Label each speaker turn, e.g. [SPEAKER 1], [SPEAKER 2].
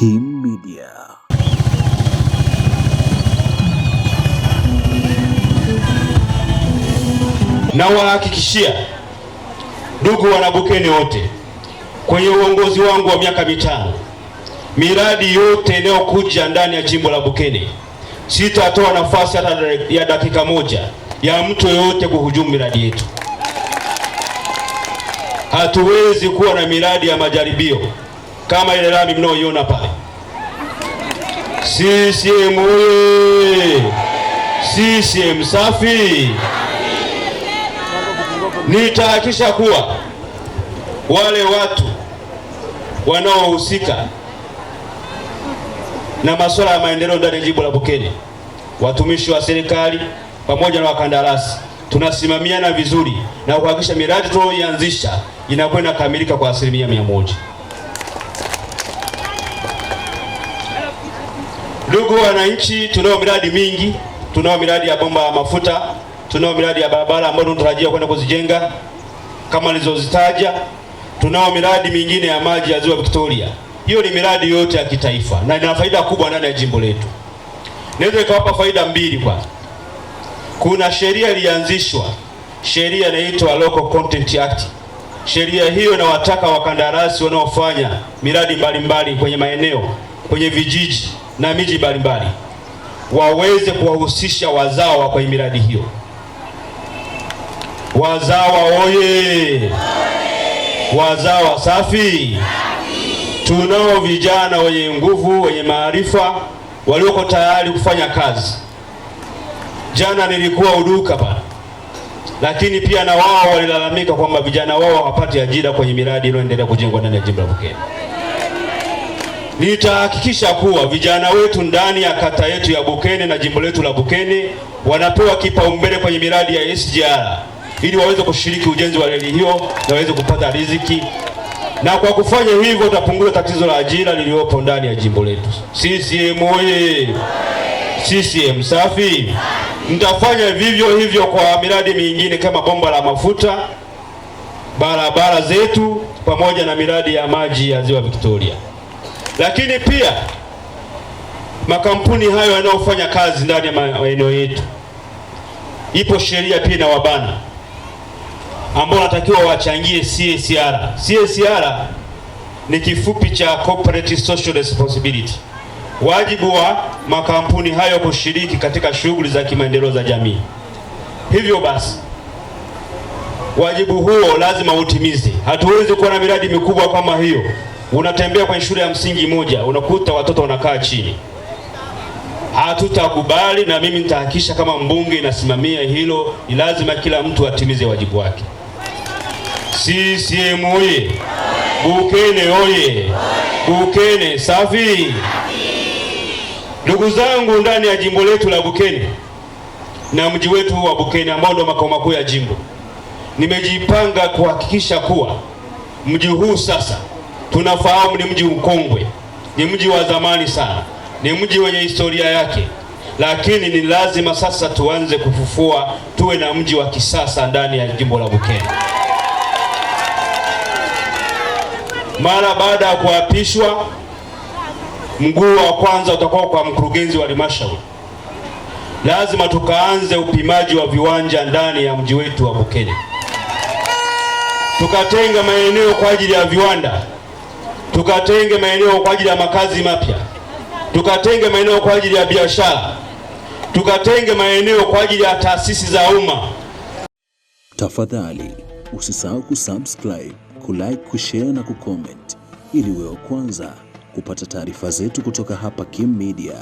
[SPEAKER 1] Kim Media. Na wahakikishia ndugu wanabukeni wote, kwenye uongozi wangu wa miaka mitano, miradi yote inayokuja ndani ya jimbo la Bukene sitatoa nafasi hata ya dakika moja ya mtu yoyote kuhujumu miradi yetu. Hatuwezi kuwa na miradi ya majaribio kama ile lami mnaoiona pale. CCM oye! CCM safi! Nitahakisha kuwa wale watu wanaohusika na masuala ya maendeleo ndani ya jimbo la Bukene, watumishi wa serikali pamoja na wakandarasi, tunasimamiana vizuri na kuhakikisha miradi tunayoianzisha inakwenda kamilika kwa asilimia mia moja. Ndugu wananchi, tunao miradi mingi, tunao miradi ya bomba ya mafuta, tunao miradi ya barabara ambayo tunatarajia kwenda kuzijenga kama nilizozitaja, tunao miradi mingine ya maji ya ziwa Victoria. Hiyo ni miradi yote ya kitaifa na ina faida kubwa ndani ya jimbo letu. Naweza ikawapa faida mbili. Kwanza, kuna sheria ilianzishwa, sheria inaitwa Local Content Act. Sheria hiyo inawataka wakandarasi wanaofanya miradi mbalimbali mbali kwenye maeneo, kwenye vijiji na miji mbalimbali waweze kuwahusisha wazawa kwenye miradi hiyo. Wazawa oye! Wazawa safi! Tunao vijana wenye nguvu, wenye maarifa, walioko tayari kufanya kazi. Jana nilikuwa Uduka pale, lakini pia na wao walilalamika kwamba vijana wao hawapati ajira kwenye miradi inayoendelea kujengwa ndani ya jimbo la Bukene nitahakikisha kuwa vijana wetu ndani ya kata yetu ya Bukene na jimbo letu la Bukene wanapewa kipaumbele kwenye miradi ya SGR ili waweze kushiriki ujenzi wa reli hiyo na waweze kupata riziki, na kwa kufanya hivyo tutapunguza tatizo la ajira liliyopo ndani ya jimbo letu. CCM oye! CCM safi! Mtafanya vivyo hivyo kwa miradi mingine kama bomba la mafuta, barabara zetu, pamoja na miradi ya maji ya ziwa Victoria lakini pia makampuni hayo yanayofanya kazi ndani ya maeneo yetu, ipo sheria pia na wabana ambao wanatakiwa wachangie CSR. CSR ni kifupi cha corporate social responsibility, wajibu wa makampuni hayo kushiriki katika shughuli za kimaendeleo za jamii. Hivyo basi wajibu huo lazima utimize. Hatuwezi kuwa na miradi mikubwa kama hiyo Unatembea kwenye shule ya msingi moja, unakuta watoto wanakaa chini. Hatutakubali, na mimi nitahakikisha kama mbunge inasimamia hilo. Ni lazima kila mtu atimize wajibu wake. CCM oye! Bukene oye! Bukene safi! Ndugu zangu, ndani ya jimbo letu la Bukene na mji wetu wa Bukene ambao ndio makao makuu ya jimbo, nimejipanga kuhakikisha kuwa mji huu sasa Tunafahamu ni mji mkongwe, ni mji wa zamani sana, ni mji wenye historia yake, lakini ni lazima sasa tuanze kufufua, tuwe na mji wa kisasa ndani ya jimbo la Bukene. Mara baada ya kuapishwa, mguu wa kwanza utakuwa kwa mkurugenzi wa halmashauri. Lazima tukaanze upimaji wa viwanja ndani ya mji wetu wa Bukene, tukatenga maeneo kwa ajili ya viwanda tukatenge maeneo kwa ajili ya makazi mapya, tukatenge maeneo kwa ajili ya biashara, tukatenge maeneo kwa ajili ya taasisi za umma. Tafadhali usisahau kusubscribe, kulike, kushare na kucomment ili wewe kwanza kupata taarifa zetu kutoka hapa Kim Media.